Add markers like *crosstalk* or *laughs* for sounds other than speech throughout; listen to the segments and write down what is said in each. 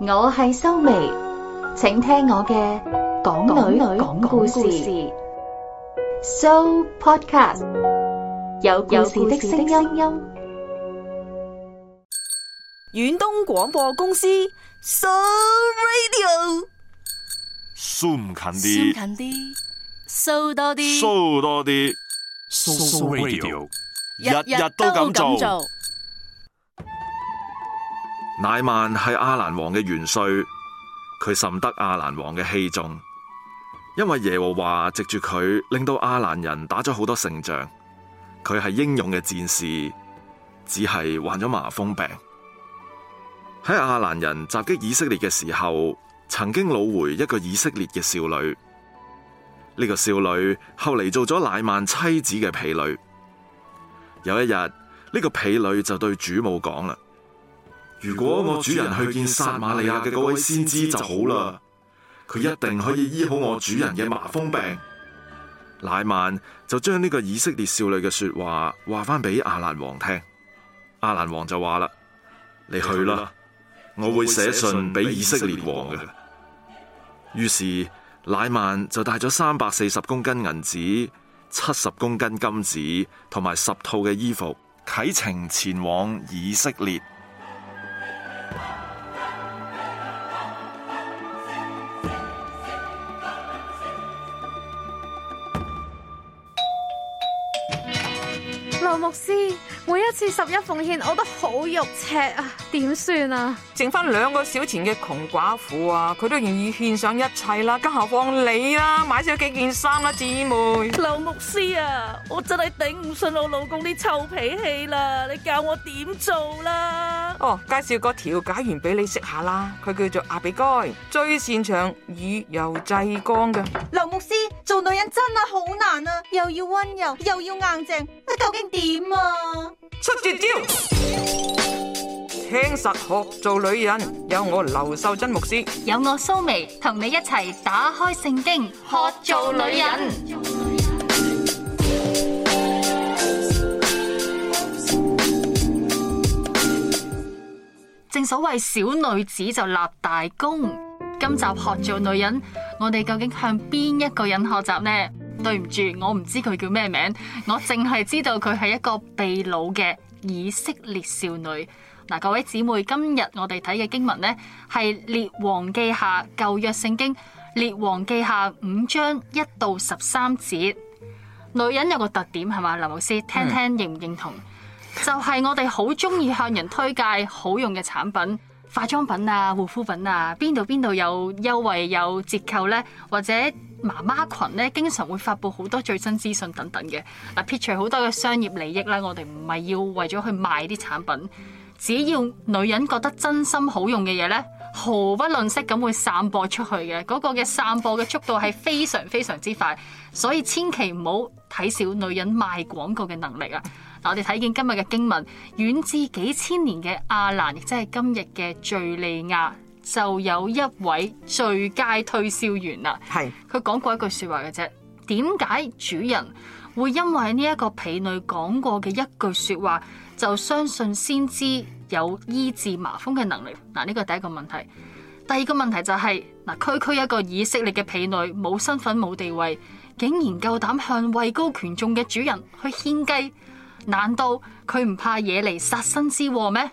我係修眉，請聽我嘅港女港故事。So podcast 有故事的聲音。遠東廣播公司。So radio 收唔近啲，收多啲，So radio 日日都咁做。乃曼係亞蘭王嘅元帥，佢甚得亞蘭王嘅器重，因為耶和華藉住佢令到亞蘭人打咗好多勝仗。佢係英勇嘅戰士，只係患咗麻風病。喺亞蘭人襲擊以色列嘅時候，曾經擄回一個以色列嘅少女。呢、這個少女後嚟做咗乃曼妻子嘅婢女。有一日，呢、這個婢女就對主母講啦。如果我主人去見撒瑪利亞嘅嗰位先知就好啦，佢一定可以醫好我主人嘅麻風病。乃曼就將呢個以色列少女嘅說話話翻俾亞蘭王聽，亞蘭王就話啦：你去啦，我會寫信俾以色列王嘅。於是，乃曼就帶咗三百四十公斤銀紙、七十公斤金子同埋十套嘅衣服，啟程前往以色列。劉牧師，每一次十一奉獻，我都好肉赤啊，點算啊？剩翻兩個小錢嘅窮寡婦啊，佢都願意獻上一切啦，更何況你啦，買咗幾件衫啦，姊妹。劉牧師啊，我真係頂唔順我老公啲臭脾氣啦，你教我點做啦？哦，介紹個調解員俾你識下啦，佢叫做亞比該，最擅長以柔制剛嘅。劉牧師，做女人真係好難啊，又要溫柔又要硬淨，究竟點啊？出絕招，招聽實學做女人，有我劉秀珍牧師，有我蘇眉同你一齊打開聖經學做女人。所謂小女子就立大功，今集學做女人，我哋究竟向邊一個人學習呢？對唔住，我唔知佢叫咩名，我淨係知道佢係一個被擄嘅以色列少女。嗱，各位姊妹，今日我哋睇嘅經文呢，係列王記下，舊約聖經列王記下五章一到十三節。女人有個特點係嘛，林老師，聽聽認唔認同？嗯就係我哋好中意向人推介好用嘅產品、化妝品啊、護膚品啊，邊度邊度有優惠有折扣呢？或者媽媽群呢，經常會發布好多最新資訊等等嘅。嗱，撇除好多嘅商業利益呢，我哋唔係要為咗去賣啲產品，只要女人覺得真心好用嘅嘢呢，毫不吝惜咁會散播出去嘅。嗰個嘅散播嘅速度係非常非常之快，所以千祈唔好睇小女人賣廣告嘅能力啊！我哋睇見今日嘅經文，遠至幾千年嘅亞蘭，亦即係今日嘅敘利亞，就有一位最佳推銷員啦。係佢講過一句說話嘅啫。點解主人會因為呢一個婢女講過嘅一句說話，就相信先知有醫治麻風嘅能力？嗱，呢個係第一個問題。第二個問題就係、是、嗱，區區一個以色列嘅婢女，冇身份冇地位，竟然夠膽向位高權重嘅主人去獻計。難道佢唔怕惹嚟殺身之禍咩？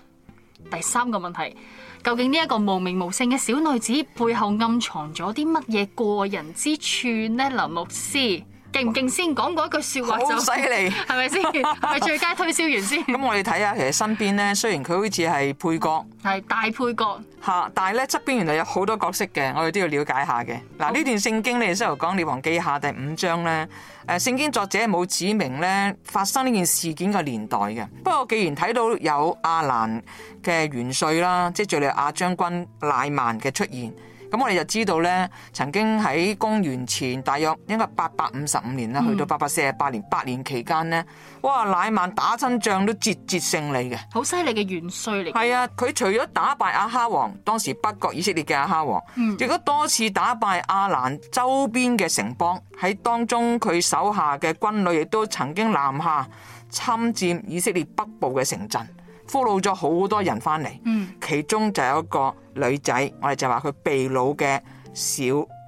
第三個問題，究竟呢一個無名無姓嘅小女子背後暗藏咗啲乜嘢過人之處呢？林牧師。勁唔勁先？講過一句笑話就犀利，係咪先？係 *laughs* 最佳推銷員先。咁 *laughs* 我哋睇下，其實身邊咧，雖然佢好似係配角，係大配角，吓，但係咧側邊原來有好多角色嘅，我哋都要了解下嘅。嗱、啊，段聖呢段聖經你哋收頭講列王記下第五章咧，誒，聖經作者冇指明咧發生呢件事件嘅年代嘅。不過既然睇到有阿蘭嘅元帥啦，即係敘利亞將軍乃曼嘅出現。咁我哋就知道呢，曾經喺公元前大約應該八百五十五年啦，去到八百四十八年、嗯、八年期間呢，哇！乃曼打親仗都節節勝利嘅，好犀利嘅元帥嚟。係啊，佢除咗打敗阿哈王，當時北國以色列嘅阿哈王，亦都、嗯、多次打敗阿蘭周邊嘅城邦。喺當中，佢手下嘅軍隊亦都曾經南下侵佔以色列北部嘅城鎮。俘虜咗好多人翻嚟，嗯、其中就有一個女仔，我哋就話佢被擄嘅小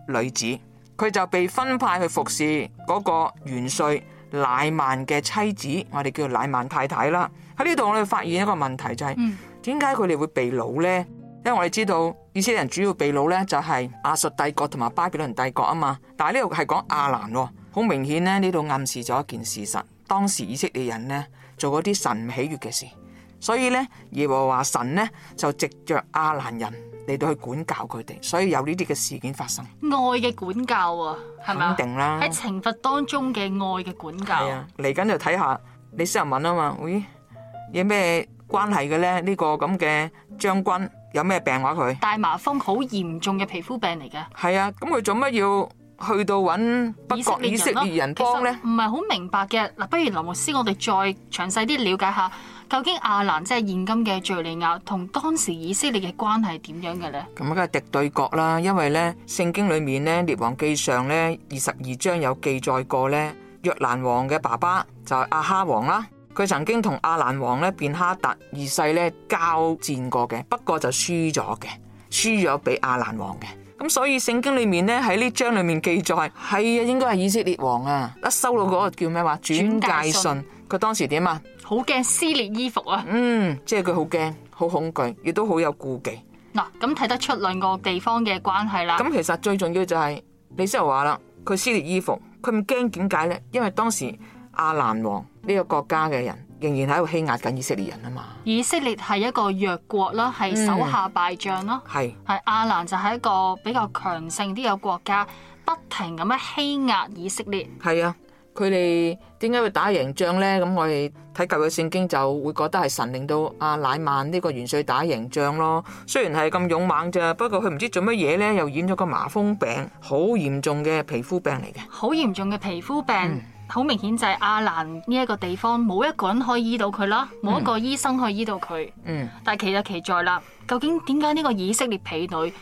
女子，佢就被分派去服侍嗰個元帥乃曼嘅妻子，我哋叫做乃曼太太啦。喺呢度我哋發現一個問題就係、是，點解佢哋會被擄呢？因為我哋知道以色列人主要被擄呢，就係亞述帝國同埋巴比倫帝國啊嘛，但係呢度係講亞蘭喎，好明顯呢，呢度暗示咗一件事實，當時以色列人呢，做嗰啲神唔喜悅嘅事。所以咧，耶和華神咧就藉着亞蘭人嚟到去管教佢哋，所以有呢啲嘅事件發生。愛嘅管教啊，係嘛？肯定啦，喺懲罰當中嘅愛嘅管教。係啊，嚟緊就睇下你試下問啊嘛。喂，有咩關係嘅咧？呢個咁嘅將軍有咩病話佢大麻風，好嚴重嘅皮膚病嚟嘅。係啊，咁佢做乜要去到揾北國以色列人幫咧？唔係好明白嘅嗱，不如林牧師，我哋再詳細啲了解下。究竟亞蘭即係現今嘅敘利亞同當時以色列嘅關係點樣嘅呢？咁梗係敵對國啦，因為咧聖經裏面咧列王記上咧二十二章有記載過咧約蘭王嘅爸爸就係、是、亞哈王啦，佢曾經同亞蘭王咧便哈達二世咧交戰過嘅，不過就輸咗嘅，輸咗俾亞蘭王嘅。咁所以聖經裏面咧喺呢章裏面記載。係啊，應該係以色列王啊，一收到嗰個叫咩話轉介信，佢當時點啊？好驚撕裂衣服啊！嗯，即係佢好驚，好恐懼，亦都好有顧忌。嗱、啊，咁睇得出兩個地方嘅關係啦。咁其實最重要就係、是，你即係話啦，佢撕裂衣服，佢唔驚點解呢？因為當時亞蘭王呢個國家嘅人仍然喺度欺壓緊以色列人啊嘛。以色列係一個弱國啦，係手下敗將啦，係係、嗯、亞蘭就係一個比較強盛啲嘅國家，不停咁樣欺壓以色列。係啊。佢哋點解會打贏仗呢？咁我哋睇舊嘅聖經就會覺得係神令到阿乃曼呢個元帥打贏仗咯。雖然係咁勇猛咋，不過佢唔知做乜嘢呢，又染咗個麻風病，好嚴重嘅皮膚病嚟嘅。好嚴重嘅皮膚病，好、嗯、明顯就係阿蘭呢一個地方冇一個人可以醫到佢啦，冇一個醫生可以醫到佢，嗯。嗯，但係其實奇在啦，究竟點解呢個以色列婢女？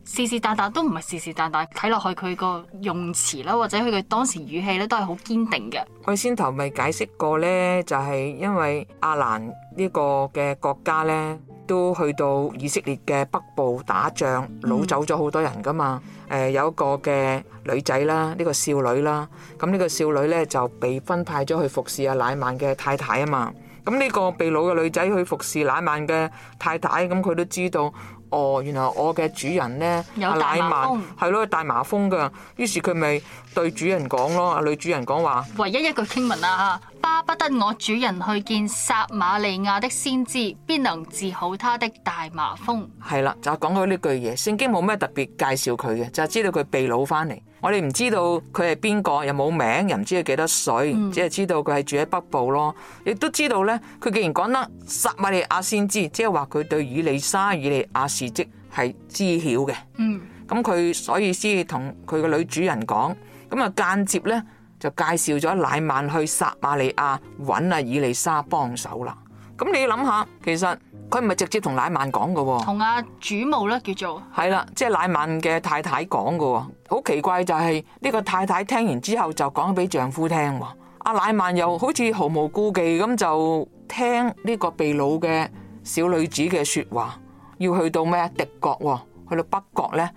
是是但但，是是但但，都唔係是是但但，睇落去佢個用詞啦，或者佢嘅當時語氣咧，都係好堅定嘅。佢先頭未解釋過呢，就係、是、因為阿蘭呢個嘅國家呢，都去到以色列嘅北部打仗，攞走咗好多人㗎嘛。誒、嗯呃、有一個嘅女仔啦，呢、這個少女啦，咁呢個少女呢，就被分派咗去服侍阿乃曼嘅太太啊嘛。咁呢個被攞嘅女仔去服侍乃曼嘅太太，咁佢都知道。哦，原來我嘅主人咧，乃縵嘛係咯，大麻風噶，於是佢咪對主人講咯，阿女主人講話，唯一一句經文啦，巴不得我主人去見撒瑪利亞的先知，必能治好他的大麻風。係啦，就係講到呢句嘢，聖經冇咩特別介紹佢嘅，就係知道佢被擄翻嚟。我哋唔知道佢係邊個，又冇名，又唔知佢幾多歲，只係知道佢係、嗯、住喺北部咯。亦都知道咧，佢既然講得撒瑪利亞先知，即係話佢對以利沙以利亞事蹟係知曉嘅。嗯，咁佢所以先同佢個女主人講，咁啊間接咧就介紹咗乃曼去撒瑪利亞揾阿以利沙幫手啦。咁你諗下，其實。佢唔係直接同乃曼講㗎喎，同阿主母咧叫做。係啦，即係乃曼嘅太太講㗎喎。好奇怪就係呢個太太聽完之後就講俾丈夫聽、哦，阿、啊、乃曼又好似毫無顧忌咁就聽呢個婢女嘅小女子嘅説話，要去到咩敵國、哦，去到北國咧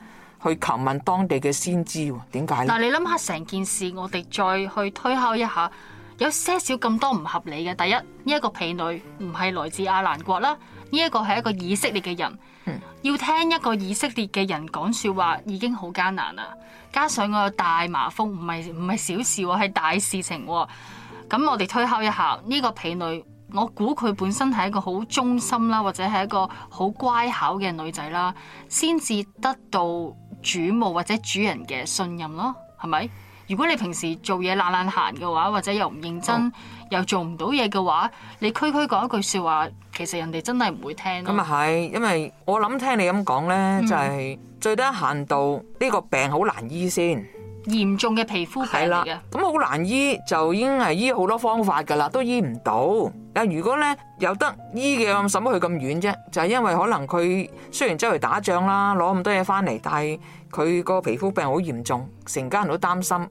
去求問當地嘅先知、哦，點解？嗱，你諗下成件事，我哋再去推敲一下，有些少咁多唔合理嘅。第一，呢、這、一個婢女唔係來自阿蘭國啦。呢一個係一個以色列嘅人，要聽一個以色列嘅人講説話已經好艱難啦。加上我有大麻風，唔係唔係小事喎，係大事情喎。咁我哋推敲一下呢個婢女，我估佢本身係一個好忠心啦，或者係一個好乖巧嘅女仔啦，先至得到主母或者主人嘅信任咯，係咪？如果你平時做嘢懶懶閒嘅話，或者又唔認真，哦、又做唔到嘢嘅話，你區區講一句說話，其實人哋真係唔會聽。咁啊係，嗯、因為我諗聽你咁講咧，就係、是、最低限度呢、呢個病好難醫先。嚴重嘅皮膚病嚟嘅，咁好難醫就已經係醫好多方法㗎啦，都醫唔到。但如果咧有得醫嘅，咁使乜去咁遠啫？就係、是、因為可能佢雖然周圍打仗啦，攞咁多嘢翻嚟，但係佢個皮膚病好嚴重，成家人都擔心，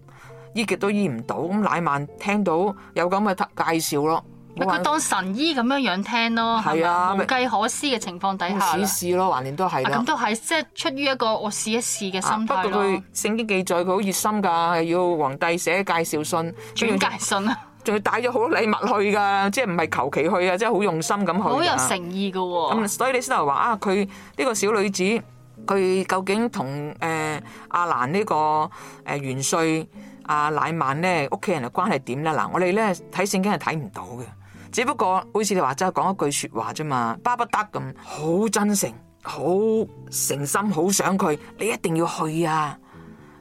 醫極都醫唔到。咁乃曼聽到有咁嘅介紹咯，佢當神醫咁樣樣聽咯，啊、無計可施嘅情況底下，試試咯，橫掂都係。咁、啊、都係即係出於一個我試一試嘅心態、啊、不過佢聖經記載佢好熱心㗎，要皇帝寫介紹信，專用界介信啊。 *laughs* 仲要帶咗好多禮物去噶，即係唔係求其去，去、哦嗯、啊，即係好用心咁去，好有誠意噶。咁所以你先頭話啊，佢呢個小女子，佢究竟同誒、呃、阿蘭、這個呃啊、呢個誒元帥阿乃曼咧屋企人嘅關係點咧？嗱，我哋咧睇聖經係睇唔到嘅，只不過好似你話齋講一句說話咋嘛，巴不得咁好真誠、好誠心、好想佢，你一定要去啊！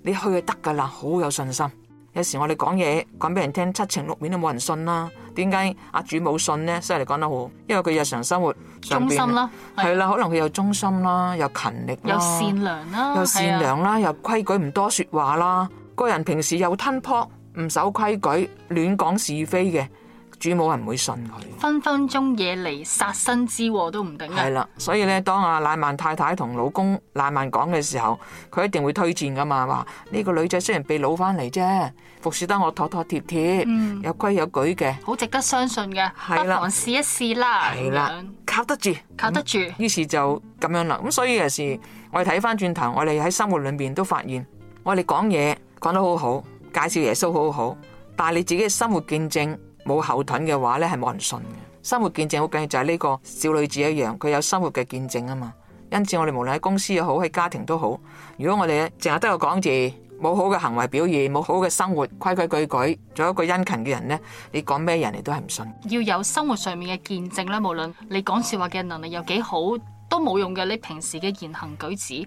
你去就得噶啦，好有信心。有時我哋講嘢講俾人聽，七情六面都冇人信啦。點解阿主冇信呢？咧？即係你講得好，因為佢日常生活忠心啦，係啦，可能佢又忠心啦，又勤力，又善良啦，又善良啦，的又規矩，唔多説話啦。個人平時又吞撲，唔守規矩，亂講是非嘅。主母人唔會信佢，分分鐘惹嚟殺身之禍都唔定。係啦，所以咧，當阿賴曼太太同老公賴曼講嘅時候，佢一定會推薦噶嘛。話呢個女仔雖然被擄翻嚟啫，服侍得我妥妥貼貼，嗯、有規有矩嘅，好值得相信嘅，的不妨試一試啦。係啦的樣，靠得住，靠得住。於是就咁樣啦。咁所以嘅事，我哋睇翻轉頭，我哋喺生活裏面都發現，我哋講嘢講得好好，介紹耶穌好好好，但係你自己嘅生活見證。冇後盾嘅話呢，係冇人信嘅。生活見證好緊要，就係呢個小女子一樣，佢有生活嘅見證啊嘛。因此我哋無論喺公司又好，喺家庭都好，如果我哋淨係得個講字，冇好嘅行為表現，冇好嘅生活規規矩矩，做一個殷勤嘅人呢，你講咩人哋都係唔信。要有生活上面嘅見證咧，無論你講說話嘅能力又幾好，都冇用嘅。你平時嘅言行舉止，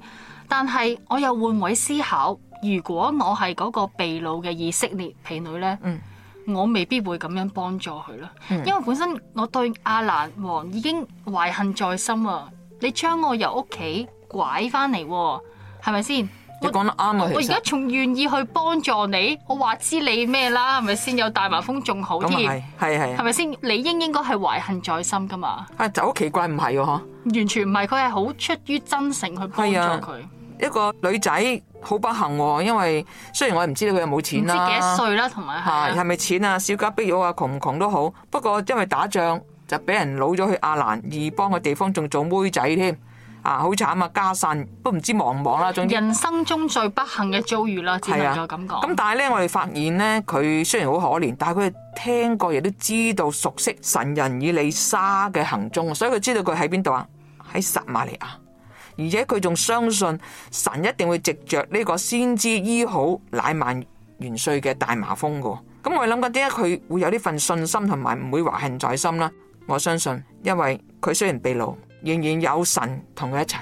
但係我又換位思考，如果我係嗰個被擄嘅以色列婢女呢？嗯。我未必會咁樣幫助佢咯，因為本身我對阿蘭王已經懷恨在心啊！你將我由屋企拐翻嚟，係咪先？你講得啱啊！我而家仲願意去幫助你，我話知你咩啦？係咪先有大麻風仲好啲，係係係，咪先你應應該係懷恨在心噶嘛？啊，就好奇怪，唔係嗬？完全唔係，佢係好出於真誠去幫助佢。一個女仔好不幸，哦，因為雖然我唔知道佢有冇錢啦，啊，唔知幾歲啦，同埋係咪錢啊？小家碧玉啊，窮唔窮都好。不過因為打仗就俾人擄咗去亞蘭異邦嘅地方，仲做妹仔添啊！好慘啊！家散都唔知忙唔忙啦。人生中最不幸嘅遭遇啦，啊，就咁講咁，啊，但係咧，我哋發現呢，佢雖然好可憐，但係佢聽過亦都知道熟悉神人以利沙嘅行蹤，所以佢知道佢喺邊度啊？喺撒瑪利亞。而且佢仲相信神一定會藉着呢個先知醫好乃縵元帥嘅大麻風噶，咁我諗緊點解佢會有呢份信心同埋唔會懷恨在心啦？我相信，因為佢雖然被擄，仍然有神同佢一齊。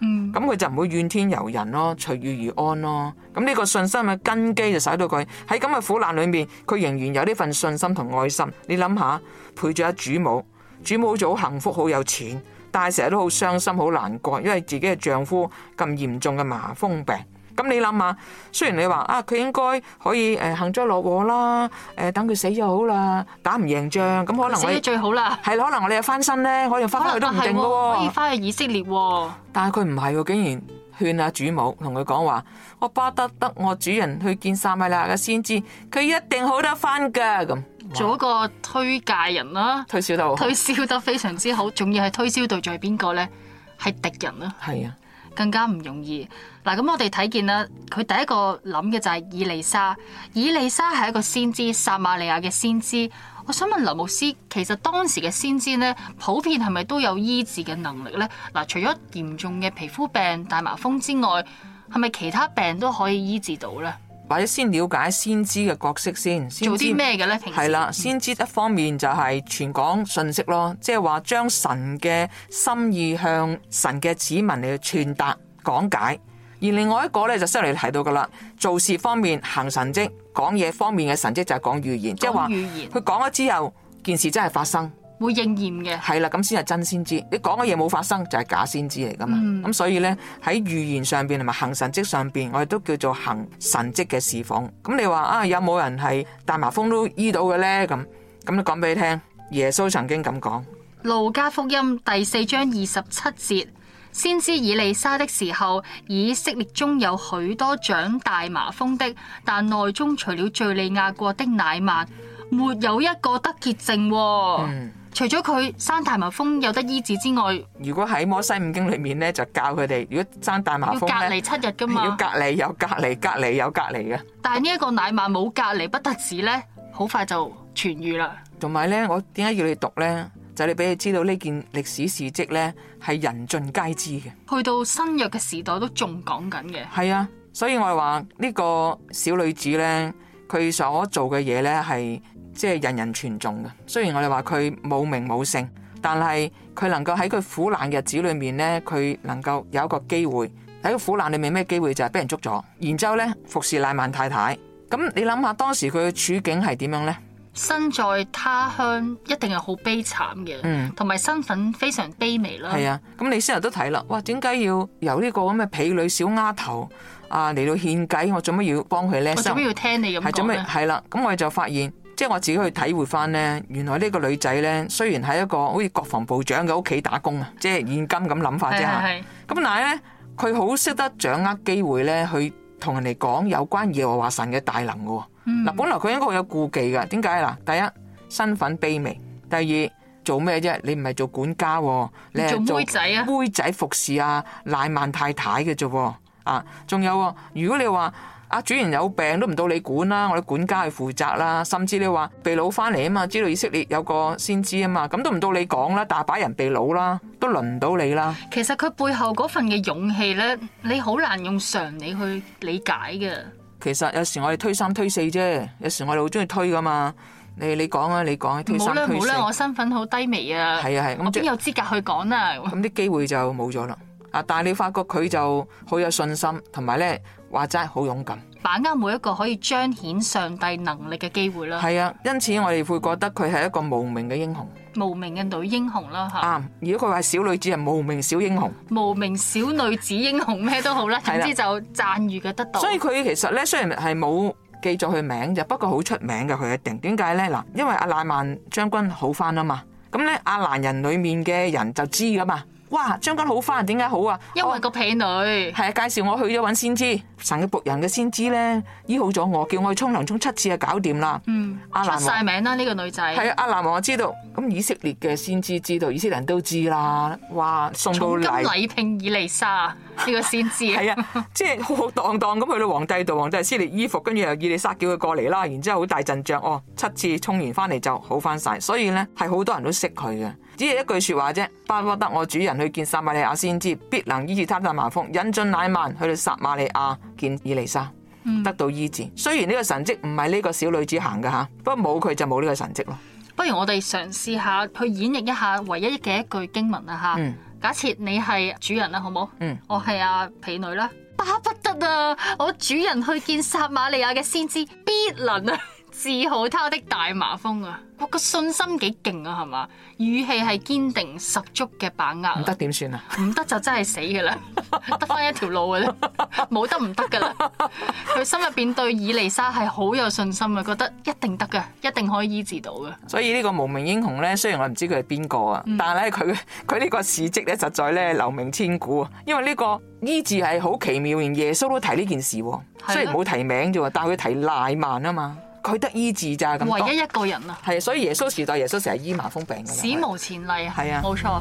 嗯，咁佢就唔會怨天尤人咯，隨遇而安咯。咁呢個信心嘅根基就使到佢喺咁嘅苦難裏面，佢仍然有呢份信心同愛心。你諗下，陪住阿主母，主母好幸福，好有錢。但係成日都好傷心，好難過，因為自己嘅丈夫咁嚴重嘅麻風病。咁你諗下，雖然你話啊，佢應該可以誒幸災樂禍啦，誒、呃呃、等佢死咗好啦，打唔贏仗，咁可能死咗最好啦。係咯，可能我哋又翻身咧，可以翻去都唔定㗎喎、啊。可以翻去以色列喎。但係佢唔係喎，竟然。勸阿主母同佢講話，我巴得得我主人去見撒米拉嘅先知，佢一定好得翻噶。咁，做一個推介人啦、啊，哇推銷到，推銷得非常之好，仲要係推銷對象係邊個咧？係敵人啦，係啊。更加唔容易嗱，咁我哋睇見啦。佢第一個諗嘅就係以利沙。以利沙係一個先知，撒瑪利亞嘅先知。我想問林牧師，其實當時嘅先知呢，普遍係咪都有醫治嘅能力呢？嗱，除咗嚴重嘅皮膚病、大麻風之外，係咪其他病都可以醫治到呢？或者先了解先知嘅角色先，先知做啲咩嘅咧？係啦的，嗯、先知一方面就係傳講信息咯即係話將神嘅心意向神嘅子民嚟傳達講解。而另外一個咧，就犀嚟提到噶啦，做事方面行神蹟，講嘢方面嘅神蹟就係講預言，即係話佢講咗之後，件事真係發生。會應驗嘅係啦，咁先係真先知。你講嘅嘢冇發生，就係假先知嚟噶嘛。咁所以咧，喺預言上邊同埋行神蹟上邊，我哋都叫做行神蹟嘅侍奉。咁你話啊，有冇人係大麻風都醫到嘅咧？咁咁，我講俾你聽，耶穌曾經咁講，《路加福音》第四章二十七節，先知以利沙的時候，以色列中有許多長大麻風的，但內中除了敘利亞國的乃曼，沒有一個得潔淨。除咗佢生大麻風有得醫治之外，如果喺《摩西五經》裏面咧，就教佢哋如果生大麻風咧，要隔離七日噶嘛，要隔離有隔離，隔離有隔離嘅。但係呢一個乃縵冇隔離不得治咧，好快就痊愈。啦。同埋咧，我點解要你讀咧？就你俾你知道件歷史史，呢件歷史事蹟咧，係人盡皆知嘅。去到新約嘅時代都仲講緊嘅。係啊，所以我係話呢個小女子咧，佢所做嘅嘢咧係。即係人人傳頌嘅。雖然我哋話佢冇名冇姓，但係佢能夠喺佢苦難日子裏面咧，佢能夠有一個機會喺個苦難裏面咩機會就係俾人捉咗。然之後咧服侍賴曼太太，咁你諗下當時佢嘅處境係點樣咧？身在他鄉一定係好悲慘嘅，同埋、嗯、身份非常卑微啦。係啊，咁你先人都睇啦。哇，點解要由呢個咁嘅婢女小丫頭啊嚟到獻計？我做乜要幫佢咧？我做咩要聽你咁講？係做咩？係啦，咁、啊、我哋就發現。即係我自己去體會翻咧，原來呢個女仔咧，雖然喺一個好似國防部長嘅屋企打工啊，即係現今咁諗法啫嚇。咁但係咧，佢好識得掌握機會咧，去同人哋講有關耶和華神嘅大能嘅喎。嗱、嗯，本來佢應該會有顧忌嘅，點解嗱？第一身份卑微，第二做咩啫？你唔係做管家、啊，你係做妹仔啊，妹仔服侍啊，賴曼太太嘅啫。啊，仲有喎！如果你話阿、啊、主人有病都唔到你管啦，我哋管家去負責啦。甚至你話被擄返嚟啊嘛，知道以色列有個先知啊嘛，咁都唔到你講啦。大把人被擄啦，都輪唔到你啦。其實佢背後嗰份嘅勇氣咧，你好難用常理去理解嘅。其實有時我哋推三推四啫，有時我哋好中意推噶嘛。你你講啊，你講推三推四。冇啦好啦，我身份好低微啊。係啊係，啊我邊有資格去講啊？咁啲機會就冇咗啦。啊！但係你發覺佢就好有信心，同埋咧，話真係好勇敢，把握每一個可以彰顯上帝能力嘅機會啦。係啊，因此我哋會覺得佢係一個無名嘅英雄，無名嘅女英雄啦吓。啊，如果佢話小女子，係無名小英雄，無名小女子英雄咩都好啦，總之、 *laughs* 啊、就讚譽嘅得到。所以佢其實咧，雖然係冇記咗佢名就，不過好出名嘅，佢一定點解咧？嗱，因為阿納曼將軍好翻啦嘛，咁咧阿蘭人裏面嘅人就知噶嘛。哇，將軍好翻，點解好啊？因為個婢女係啊，介紹我去咗揾先知，神嘅僕人嘅先知咧，醫好咗我，叫我去沖涼沖七次啊，搞掂啦。嗯，阿南王，出晒名啦呢個女仔。係啊，阿南王我知道，咁以色列嘅先知知道，以色列人都知啦。哇，送到禮，禮聘以利沙呢、呢個先知、啊。係 *laughs* *laughs* 啊，即係浩浩蕩蕩咁去到皇帝度，皇帝撕裂衣服，跟住又以利沙叫佢過嚟啦，然之後好大陣仗。哦，七次沖完翻嚟就好翻晒。」「所以咧係好多人都識佢嘅。只係一句說話啫，巴不得我主人去見撒瑪利亞先知，必能醫治他嘅麻風引進乃曼去到撒瑪利亞見伊麗莎，得到醫治。嗯、雖然呢個神蹟唔係呢個小女子行嘅，吓，不過冇佢就冇呢個神蹟咯。不如我哋嘗試下去演繹一下唯一嘅一句經文啦吓。嗯、假設你係主人啦，好冇？嗯、我係阿婢女啦，巴不得啊，我主人去見撒瑪利亞嘅先知，必能啊！ *laughs* 治好他的大麻風啊！哇，個信心幾勁啊，係嘛？語氣係堅定十足嘅把握。唔得點算啊？唔得就真係死噶啦，得翻一條路嘅啦，冇得唔得噶啦。佢心入邊對以利沙係好有信心啊，覺得一定得噶，一定可以醫治到噶。所以呢個無名英雄咧，雖然我唔知佢係邊個啊，但係咧佢佢呢個事跡咧實在咧留名千古啊！因為呢個醫治係好奇妙，連耶穌都提呢件事，雖然冇提名啫，但係佢提賴曼啊嘛。佢得醫治咋，咁唯一一個人啊，係啊，所以耶穌時代，耶穌成日醫麻風病，史無前例啊，係啊，冇錯。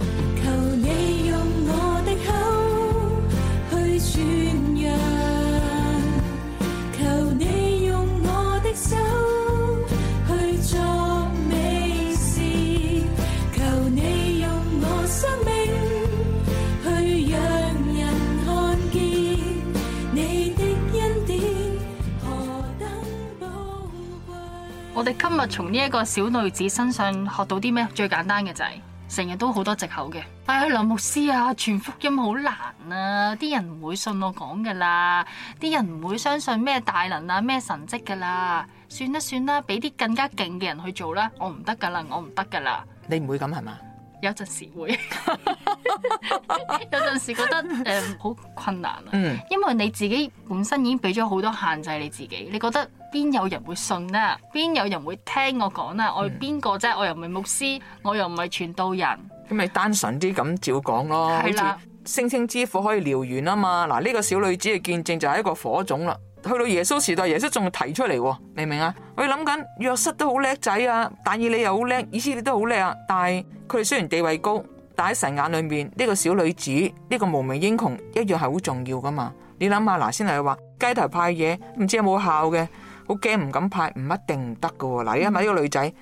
從呢一個小女子身上學到啲咩？最簡單嘅就係成日都好多藉口嘅。哎呀，羅牧師啊，全福音好難啊，啲人唔會信我講噶啦，啲人唔會相信咩大能啊，咩神蹟噶啦，算啦算啦，俾啲更加勁嘅人去做啦，我唔得噶啦，我唔得噶啦。你唔會咁係嘛？有陣時會， *laughs* 有陣時覺得誒好、呃、困難啊，嗯、因為你自己本身已經俾咗好多限制你自己，你覺得邊有人會信呢？邊有人會聽我講呢？我係邊個啫？我又唔係牧師，我又唔係傳道人，咁咪單純啲咁照講咯，好似星星之火可以燎原啊嘛！嗱，呢、呢個小女子嘅見證就係一個火種啦。去到耶穌時代，耶穌仲提出嚟，明唔明啊？我哋諗緊約瑟都好叻仔啊，但以理又好叻，以斯你都好叻啊。但係佢哋雖然地位高，但喺神眼裏面呢個小女子，呢個無名英雄一樣係好重要噶嘛。你諗下嗱，先嚟話街頭派嘢，唔知有冇效嘅，好驚唔敢派，唔一定唔得噶。嗱，因為呢個女仔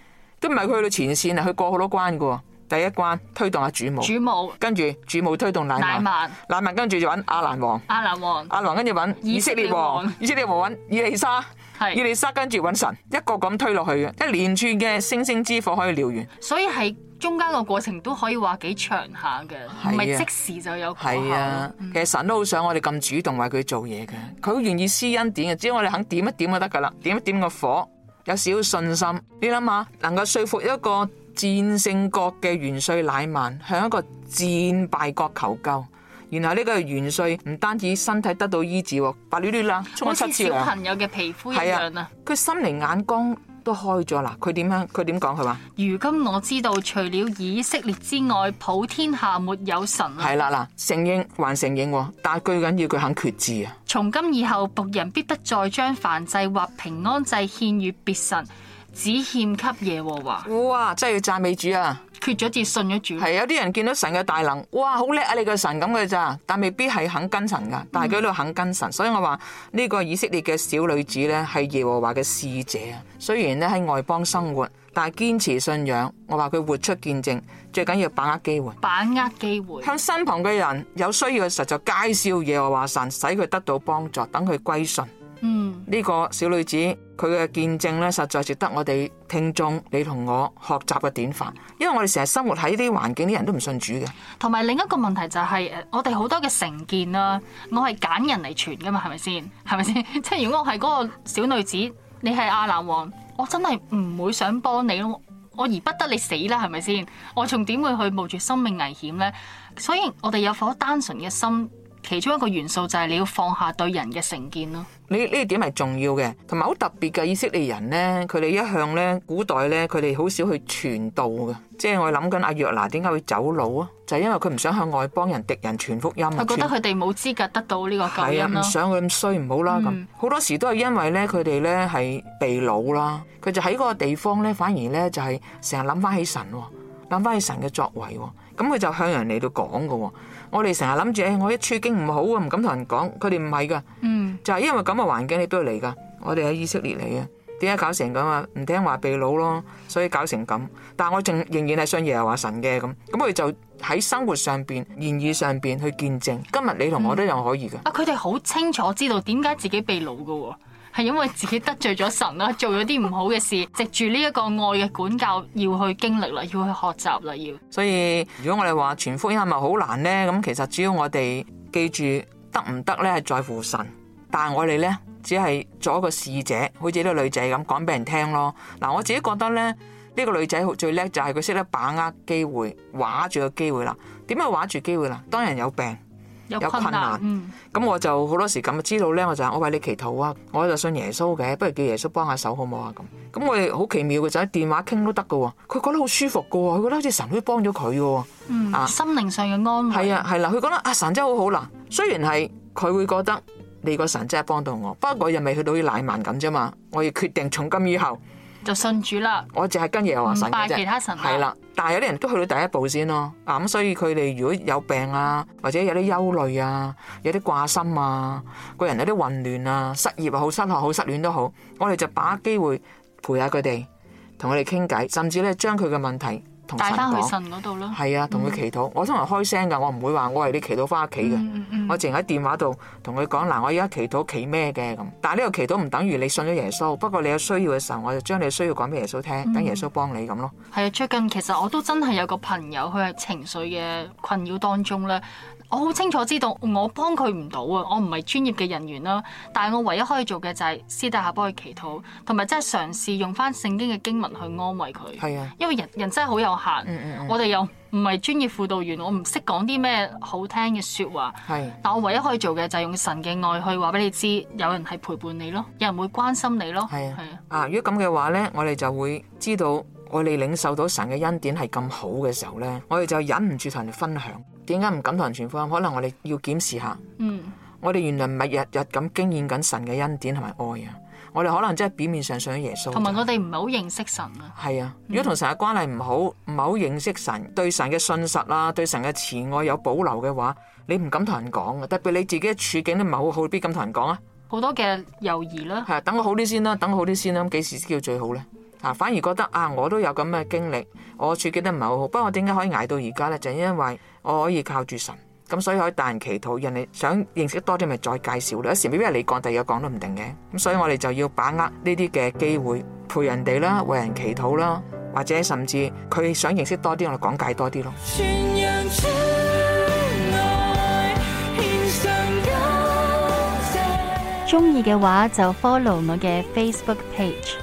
都唔係佢去到前線啊，去過好多關噶。第一關推動阿主母，主母跟住主母推動乃縵，乃縵跟住就揾亞蘭王，亞蘭王，亞蘭王跟住揾以色列王，以色列王揾以利沙，係，以利沙跟住揾神，一個咁推落去嘅，一連串嘅星星之火可以燎原。所以係中間個過程都可以話幾長下嘅，唔係、啊、即時就有。係啊，其實神都好想我哋咁主動為佢做嘢嘅，佢好願意施恩典嘅，只要我哋肯點一點就得㗎喇，點一點個火，有少少信心，你諗下能夠說服一個。戰勝國嘅元帥乃曼向一個戰敗國求救，原來呢個元帥唔單止身體得到醫治，白里里亮，好似小朋友嘅皮膚一樣啊！佢心靈眼光都開咗啦，佢點樣？佢點講？佢話：如今我知道，除了以色列之外，普天下沒有神。係啦嗱，承認還承認，但係最緊要佢肯決志啊！從今以後，僕人必不再將燔祭或平安祭獻與別神。只欠給耶和華，哇！真係要讚美主啊！缺咗字信咗主，係有啲人見到神嘅大能，哇！好叻啊！你個神咁嘅咋？但未必係肯跟神噶，但係佢都肯跟神。嗯、所以我話呢、呢個以色列嘅小女子呢，係耶和華嘅使者啊！雖然呢喺外邦生活，但係堅持信仰。我話佢活出見證，最緊要把握機會，把握機會，向身旁嘅人有需要嘅時候就介紹耶和華神，使佢得到幫助，等佢歸信。嗯，呢個小女子佢嘅見證咧，實在值得我哋聽眾你同我學習嘅典範。因為我哋成日生活喺呢啲環境，啲人都唔信主嘅。同埋另一個問題就係，誒，我哋好多嘅成見啦，我係揀人嚟傳嘅嘛，係咪先？係咪先？即 *laughs* 係如果我係嗰個小女子，你係亞蘭王，我真係唔會想幫你咯，我而不得你死啦，係咪先？我仲點會去冒住生命危險咧？所以我哋有顆單純嘅心。其中一個元素就係你要放下對人嘅成見咯。你呢點係重要嘅，同埋好特別嘅以色列人呢，佢哋一向呢古代呢，佢哋好少去傳道嘅。即係我諗緊阿約拿點解會走佬啊？就係因為佢唔想向外邦人敵人傳福音。佢覺得佢哋冇資格得到呢個教訓，係啊，唔想佢咁衰唔好啦咁。好、嗯、多時都係因為呢，佢哋呢係被老啦，佢就喺嗰個地方呢，反而呢就係成日諗返起神喎，諗返起神嘅作為喎，咁佢就向人嚟到講嘅喎。我哋成日諗住，誒，我一處境唔好啊，唔敢同人講，佢哋唔係噶，嗯、就係因為咁嘅環境，你都要嚟噶。我哋喺以色列嚟啊，點解搞成咁啊？唔聽話被擄咯，所以搞成咁。但係我仲仍然係信耶和華神嘅咁，咁佢就喺生活上邊、言語上邊去見證。今日你同我都又可以嘅。啊、嗯，佢哋好清楚知道點解自己被擄嘅喎。係因為自己得罪咗神啦，做咗啲唔好嘅事，藉住呢一個愛嘅管教要去經歷啦，要去學習啦，要。所以如果我哋話傳福音係咪好難呢？咁其實只要我哋記住得唔得呢係在乎神，但係我哋呢，只係做一個侍者，好似呢個女仔咁講俾人聽咯。嗱，我自己覺得呢，呢、呢個女仔最叻就係佢識得把握機會，搲住個機會啦。點解搲住機會啦？當人有病。有困難，咁、嗯、我就好多時咁知道咧，我就話我為你祈禱啊，我就信耶穌嘅，不如叫耶穌幫下手好唔好啊，咁。咁我哋好奇妙嘅就係電話傾都得嘅喎，佢覺得好舒服嘅喎，佢覺得好似神都幫咗佢嘅喎，嗯啊、心靈上嘅安慰。係啊，係啦、啊，佢講得阿、啊、神真係好好啦，雖然係佢會覺得你個神真係幫到我，不過我又未去到啲懶慢咁啫嘛，我亦決定從今以後。就信主啦，我淨係跟耶和華神嘅啫，唔拜其他神，係啦、啊。但係有啲人都去到第一步先咯，啊咁，所以佢哋如果有病啊，或者有啲憂慮啊，有啲掛心啊，個人有啲混亂啊，失業又好，失學好，失戀都好，我哋就把握機會陪下佢哋，同佢哋傾偈，甚至咧將佢嘅問題。帶翻去神嗰度咯，係啊，同佢祈禱。嗯、我通常開聲噶，我唔會話我為你祈禱翻屋企嘅，我淨係喺電話度同佢講嗱，我而家祈禱祈咩嘅咁。但係呢個祈禱唔等於你信咗耶穌，不過你有需要嘅時候，我就將你需要講俾耶穌聽，等耶穌幫你咁咯。係、嗯、啊，最近其實我都真係有個朋友，佢係情緒嘅困擾當中咧。我好清楚知道，我幫佢唔到啊！我唔係專業嘅人員啦，但係我唯一可以做嘅就係私底下幫佢祈禱，同埋真係嘗試用翻聖經嘅經文去安慰佢。係啊，因為人人真係好有限，我哋又唔係專業輔導員，我唔識講啲咩好聽嘅說話。係，但我唯一可以做嘅就係用神嘅愛去話俾你知，有人係陪伴你咯，有人會關心你咯。係啊，係啊，係。啊，如果咁嘅話咧，我哋就會知道我哋領受到神嘅恩典係咁好嘅時候咧，我哋就忍唔住同人哋分享。點解唔敢同人傳福音？可能我哋要檢視下，嗯、我哋原來唔係日日咁經驗緊神嘅恩典同埋愛啊！我哋可能真係表面上信耶穌，同埋我哋唔係好認識神啊。係啊，嗯、如果同神嘅關係唔好，唔係好認識神，對神嘅信實啦、啊，對神嘅慈愛有保留嘅話，你唔敢同人講啊！特別你自己嘅處境都唔係好好，必咁同人講啊！好多嘅猶豫啦，係啊，等我好啲先啦、啊，等我好啲先啦、啊，咁幾時先叫最好咧？嗱，反而覺得啊，我都有咁嘅經歷，我處理得唔係好好，不過我點解可以捱到而家呢？就因為我可以靠住神，咁所以可以帶人祈禱。人哋想認識多啲，咪再介紹，有時未必你講，第二個講都唔定嘅，咁所以我哋就要把握呢啲嘅機會陪人哋啦，為人祈禱啦，或者甚至佢想認識多啲，我哋講解多啲咯。中意嘅話就 follow 我嘅 Facebook page。